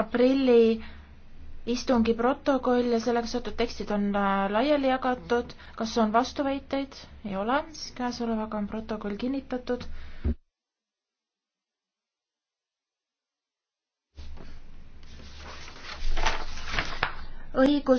aprilli istungi protokoll ja sellega seotud tekstid on äh, laiali jagatud. kas on vastuväiteid? ei ole, siis käesolevaga on protokoll kinnitatud. õigus